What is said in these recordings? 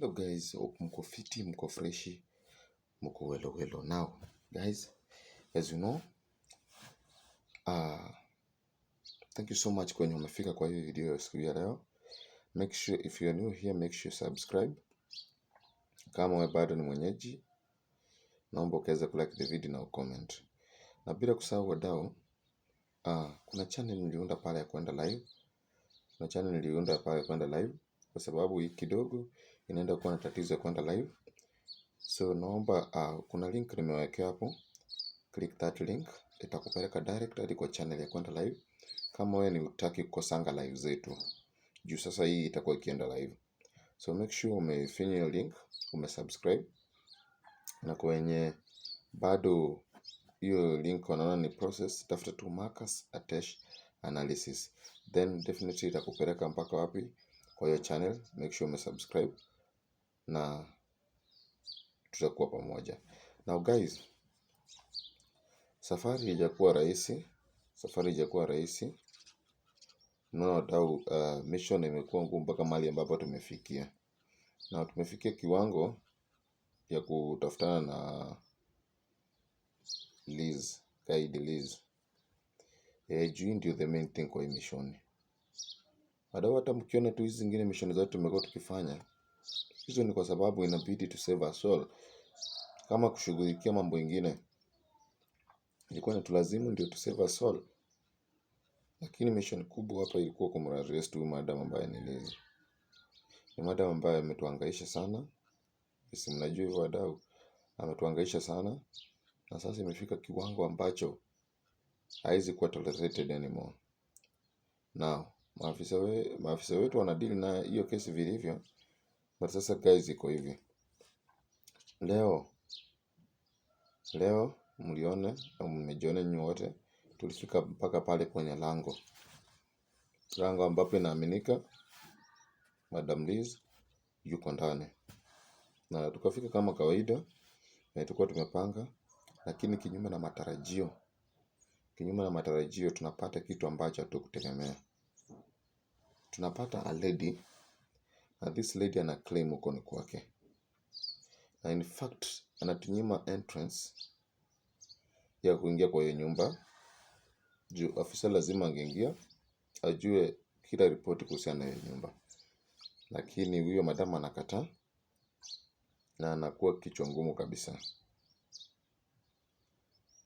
Hello guys, hope mko fiti, mko freshi, mko welo welo. Now guys, as you know, uh, thank you so much kwenye umefika kwa hii video ya siku ya leo. Make sure if you are new here, make sure you subscribe. Kama we bado ni mwenyeji, naomba ukaweza kulike the video na ucomment. Na bila kusahau wadau, uh, kuna channel niliunda pale ya kwenda live. Kuna channel niliunda pale ya kwenda live kwa sababu hii kidogo inaenda kuwa na tatizo ya kwenda live. So naomba uh, kuna link nimewekea hapo, click that link itakupeleka direct hadi kwa channel ya kwenda live, kama wewe ni utaki kukosanga live zetu, juu sasa hii itakuwa ikienda live. So make sure umefinya hiyo link, umesubscribe na kwenye bado hiyo link wanaona ni process, tafuta tu Marcus Atesh analysis, then definitely itakupeleka mpaka wapi kwa hiyo channel. Make sure umesubscribe na tutakuwa pamoja. Now guys, safari haijakuwa rahisi, safari haijakuwa rahisi. No wadau, uh, mission imekuwa ngumu mpaka mahali ambapo tumefikia, na tumefikia kiwango ya kutafutana na Liz, guide Liz. Eh, juu ndio the main thing kwa hii mission. Wadau, hata mkiona tu hizi zingine mission zote tumekuwa tukifanya Hizo ni kwa sababu inabidi to save our soul. Kama kushughulikia mambo mengine ilikuwa inatulazimu ndio to save our soul, lakini mission kubwa hapa ilikuwa kumrarest huyu madam ambaye nilizi ni madam ambaye ametuangaisha sana, si mnajua hivyo wadau, ametuangaisha sana na sasa imefika kiwango ambacho haizi kuwa tolerated anymore. Now maafisa we, maafisa wetu wanadili na hiyo kesi vilivyo na sasa guys iko hivi leo leo mlione au mmejione nyinyi wote, tulifika mpaka pale kwenye lango lango ambapo inaaminika Madam Liz yuko ndani, na tukafika kama kawaida na tulikuwa tumepanga, lakini kinyume na matarajio, kinyume na matarajio tunapata kitu ambacho hatukutegemea. Tunapata a lady na this lady ana claim huko ni kwake, na in fact anatunyima entrance ya kuingia kwa hiyo nyumba juu afisa lazima angeingia ajue kila ripoti kuhusiana na hiyo nyumba, lakini huyo madamu anakataa na anakuwa kichwa ngumu kabisa.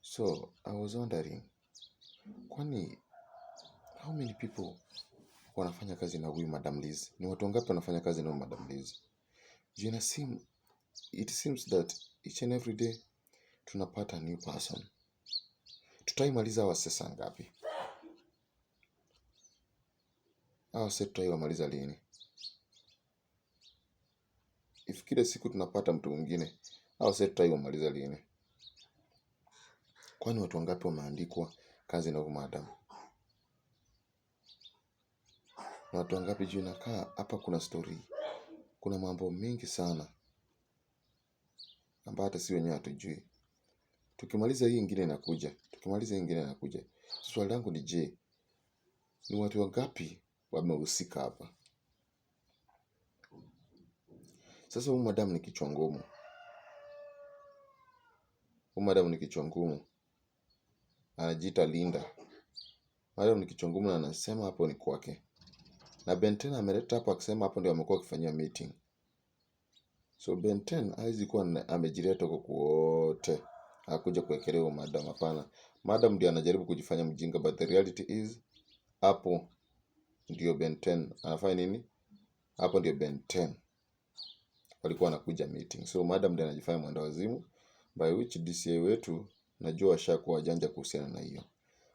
So I was wondering, kwani how many people wanafanya kazi na huyu Madam Liz? Ni watu wangapi wanafanya kazi na huyu Madam Liz? Jina sim, it seems that each and every day tunapata new person. Tutaimaliza hawa sesa ngapi? Hawa sasa tutaiwamaliza lini? If kila siku tunapata mtu mwingine, hawa sasa tutaiwamaliza lini? Kwani watu wangapi wameandikwa kazi na huyu madam? na watu wangapi juu inakaa hapa. Kuna stori, kuna mambo mengi sana ambayo hata si wenyewe hatujui. Tukimaliza hii ingine inakuja, tukimaliza hii ingine inakuja. Swali langu ni je, ni watu wangapi wamehusika hapa? Sasa huyu madamu ni kichwa ngumu, huyu madamu ni kichwa ngumu, anajiita Linda. Madamu ni kichwa ngumu na anasema hapo ni kwake. Na Benten ameleta hapo akisema hapo ndio amekuwa akifanyia meeting. So Benten hawezi kuwa amejileta huko kuote Hakuja kuwekelewa madam hapana. Madam ndio anajaribu kujifanya mjinga but the reality is hapo ndio Benten anafanya nini? Hapo ndio Benten walikuwa wanakuja meeting. So madam ndio anajifanya mwenda wazimu by which DCI wetu najua washakuwa janja kuhusiana na hiyo.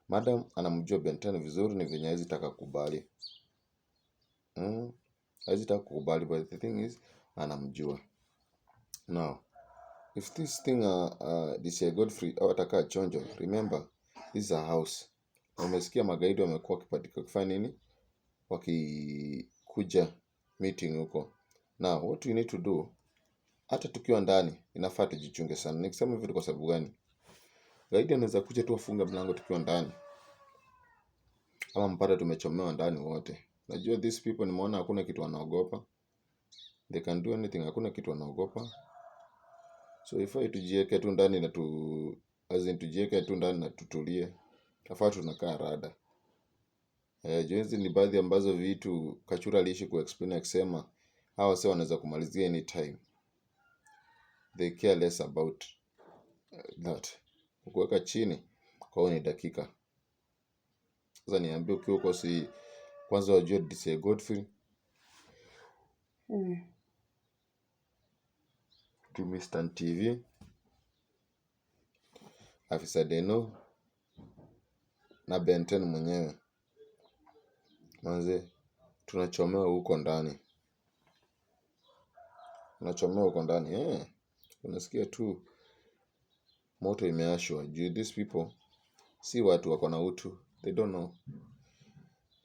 Madam anamjua Benten vizuri, ni venye hawezi taka kubali. Mm. Hazitaka kukubali but the thing is anamjua. Now, if this thing uh, uh, this uh, Godfrey au atakaa chonjo, remember this is a house. umesikia magaidi wamekuwa wakipatika kufanya nini? Wakikuja meeting huko. Now, what we need to do hata tukiwa ndani inafaa tujichunge sana. Nikisema hivyo kwa sababu gani? Gaidi anaweza kuja tu afunge mlango tukiwa ndani, ama mpaka tumechomewa ndani wote. Najua these people nimeona hakuna kitu wanaogopa. They can do anything, hakuna kitu wanaogopa. So ifaa tujieke tu ndani na tu as in tujieke tu ndani na tutulie. Tafaa tunakaa rada. Eh, jinsi ni baadhi ambazo vitu Kachura aliishi explain akisema hawa sio wanaweza kumalizia any time They care less about eh, that. Kuweka chini kwao ni dakika. Sasa niambie ukiwa uko si kwanza wajua DC Godfrey mm. Mr. TV, afisa Deno na Benten mwenyewe. Manze, tunachomewa huko ndani, tunachomewa huko ndani yeah. Unasikia tu moto imeashwa juu. These people si watu wako na utu, they don't know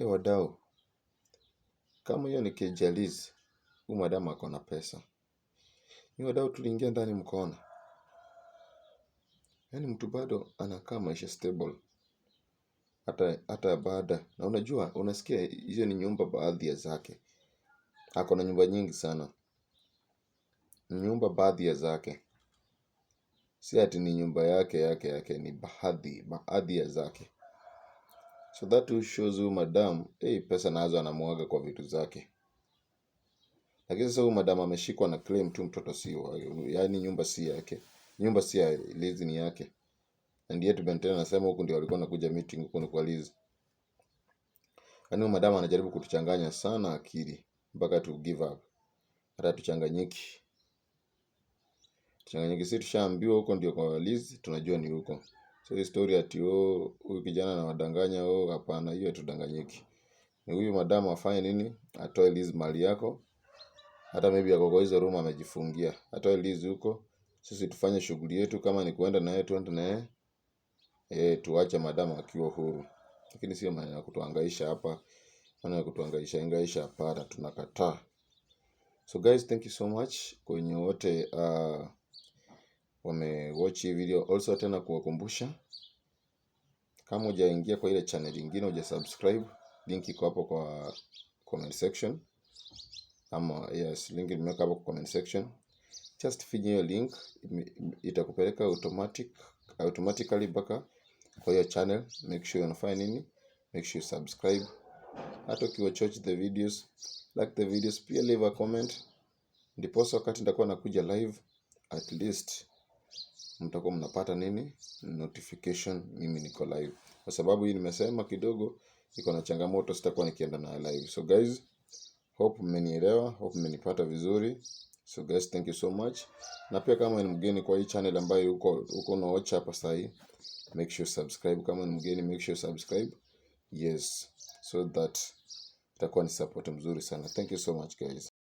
wale wadau, kama hiyo ni kijalizi, huyu madamu ako na pesa. Ni wadau tuliingia ndani mkaona, yaani mtu bado anakaa maisha stable hata hata baada. Na unajua unasikia hizo ni nyumba baadhi ya zake, ako na nyumba nyingi sana, nyumba baadhi ya zake si ati ni nyumba yake yake yake, ni baadhi baadhi ya zake. So that who shows huyu madam hey, eh, pesa nazo anamwaga kwa vitu zake, lakini sasa huyu madam ameshikwa na claim tu mtoto sio, yaani nyumba si yake, nyumba si ya Lizi, ni yake. And yet Ben tena anasema huku ndio walikuwa nakuja meeting, huku ni kwa Lizi. Yaani huyu madam anajaribu kutuchanganya sana akili mpaka tu give up, hata tuchanganyiki tuchanganyiki. si tushaambiwa huko ndio kwa Lizi, tunajua ni huko. So hii story ati o oh, huyu kijana anawadanganya o, oh, hapana, hiyo tudanganyiki. Ni huyu madamu afanye nini? Atoe lease mali yako, hata maybe ako kwa hizo room amejifungia, atoe lease huko, sisi tufanye shughuli yetu. Kama ni kuenda na yeye tuende na yeye eh, tuache madamu akiwa huru, lakini sio maana ya kutuhangaisha hapa, maana ya kutuhangaisha ingaisha hapa, tunakataa. So guys, thank you so much kwenye wote uh, wamewatch hii video. Also tena kuwakumbusha kama hujaingia kwa ile channel nyingine hujasubscribe, link iko hapo kwa comment section, ama yes, link nimeweka hapo kwa comment section. Just finya hiyo link, itakupeleka automatic automatically mpaka kwa hiyo channel. Make sure unafanya nini, make sure you subscribe. Hata ukiwa watch the videos, like the videos, pia leave a comment, ndiposa wakati nitakuwa nakuja live at least mtakuwa mnapata nini notification mimi niko live. Kwa sababu hii nimesema kidogo iko na changamoto, sitakuwa nikienda na live. So guys, hope mmenielewa, hope mmenipata vizuri. So guys, thank you so much. Na pia kama ni mgeni kwa hii channel ambayo uko uko na watch hapa sasa hii, make sure subscribe. Kama ni mgeni, make sure subscribe. Yes, so that itakuwa ni support mzuri sana. Thank you so much guys.